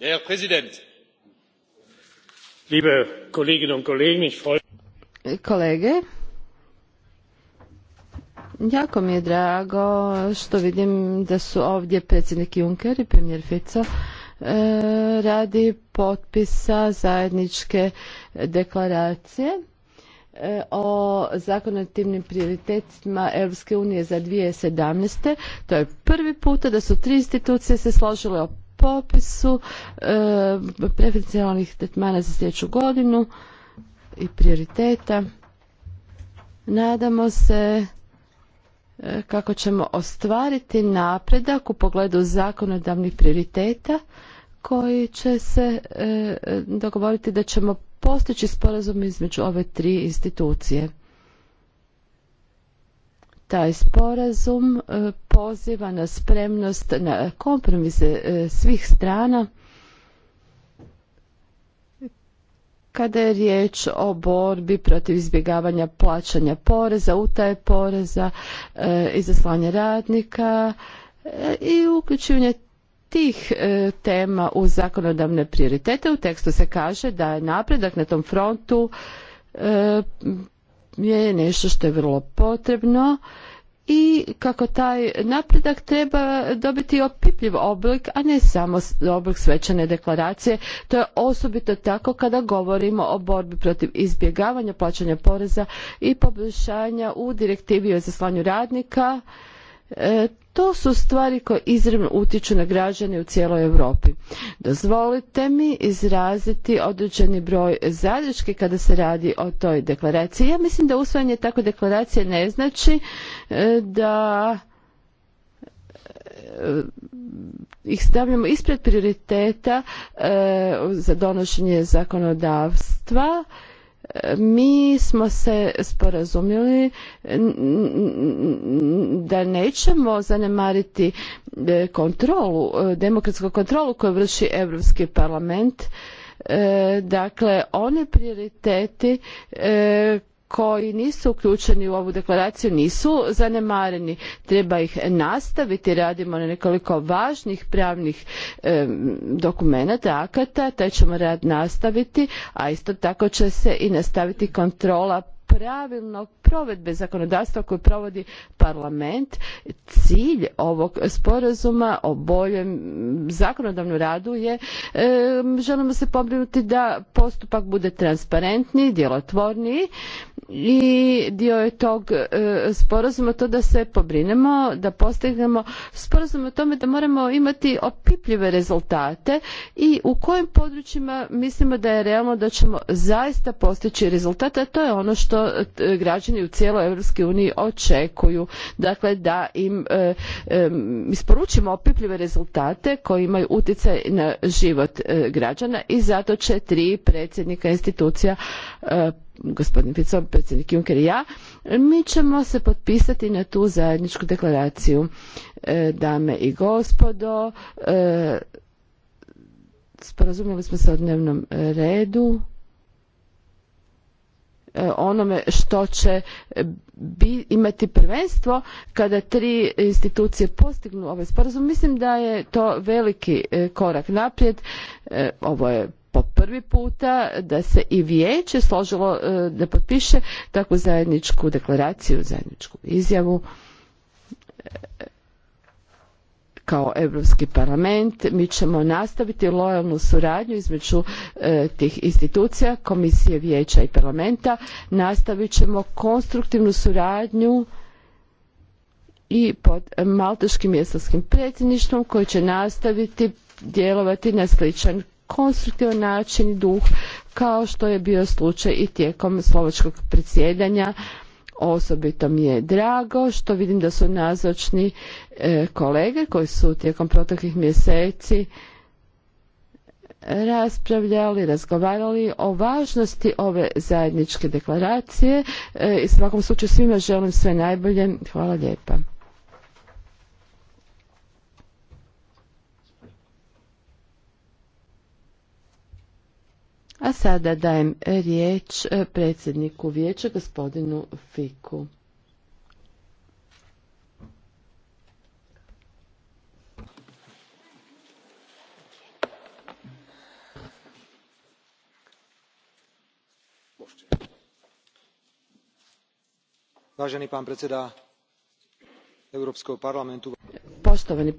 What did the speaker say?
herr präsident liebe kolleginnen und kollegen! ich freue kolege jako mi je drago što vidim da su ovdje predsjednik juncker i premijer fico e, radi potpisa zajedničke deklaracije e, o zakonodavnim prioritetima Europske unije za 2017. To je prvi puta da su tri institucije se složile o popisu e, preferencijalnih tretmana za sljedeću godinu i prioriteta. Nadamo se e, kako ćemo ostvariti napredak u pogledu zakonodavnih prioriteta koji će se e, dogovoriti da ćemo postići sporazum između ove tri institucije taj sporazum e, poziva na spremnost na kompromise e, svih strana kada je riječ o borbi protiv izbjegavanja plaćanja poreza, utaje poreza, e, izaslanja radnika i uključivanje tih tema u zakonodavne prioritete. U tekstu se kaže da je napredak na tom frontu je nešto što je vrlo potrebno i kako taj napredak treba dobiti opipljiv oblik, a ne samo oblik svečane deklaracije. To je osobito tako kada govorimo o borbi protiv izbjegavanja plaćanja poreza i poboljšanja u direktivi o zaslanju radnika E, to su stvari koje izravno utječu na građane u cijeloj Europi. Dozvolite mi izraziti određeni broj zadrški kada se radi o toj deklaraciji. Ja mislim da usvajanje takve deklaracije ne znači e, da e, ih stavljamo ispred prioriteta za donošenje zakonodavstva mi smo se sporazumili da nećemo zanemariti e, kontrolu, e, demokratsku kontrolu koju vrši Europski parlament. E, dakle, one prioriteti koji nisu uključeni u ovu deklaraciju nisu zanemareni treba ih nastaviti radimo na nekoliko važnih pravnih dokumenata akata taj ćemo rad nastaviti a isto tako će se i nastaviti kontrola pravilnog provedbe zakonodavstva koje provodi parlament. Cilj ovog sporazuma o boljem zakonodavnom radu je želimo se pobrinuti da postupak bude transparentniji, djelotvorniji i dio je tog e, sporazuma to da se pobrinemo, da postignemo sporazum o tome da moramo imati opipljive rezultate i u kojim područjima mislimo da je realno da ćemo zaista postići rezultate, a to je ono što e, građani graani u cijeloj Europskoj uniji očekuju dakle da im e, e, isporučimo opipljive rezultate koji imaju utjecaj na život e, građana i zato će tri predsjednika institucija gospodin Fico, predsjednik Juncker i ja, mi ćemo se potpisati na tu zajedničku deklaraciju. Dame i gospodo, sporazumjeli smo se o dnevnom redu. E, onome što će e, imati prvenstvo kada tri institucije postignu ovaj sporazum. Mislim da je to veliki e, korak naprijed. Ovo je po prvi puta da se i vijeće složilo da potpiše takvu zajedničku deklaraciju, zajedničku izjavu kao Europski parlament mi ćemo nastaviti lojalnu suradnju između e, tih institucija, komisije, vijeća i parlamenta. Nastavit ćemo konstruktivnu suradnju i pod malteškim i predsjedništvom koji će nastaviti djelovati na sličan konstruktivan način i duh kao što je bio slučaj i tijekom slovačkog predsjedanja Osobito mi je drago što vidim da su nazočni e, kolege koji su tijekom proteklih mjeseci e, raspravljali, razgovarali o važnosti ove zajedničke deklaracije e, i svakom slučaju svima želim sve najbolje. Hvala lijepa. A sada dajem riječ e, predsjedniku vijeća gospodinu Fiku. Važeni pan predsjeda Europskog parlamentu. Poštovani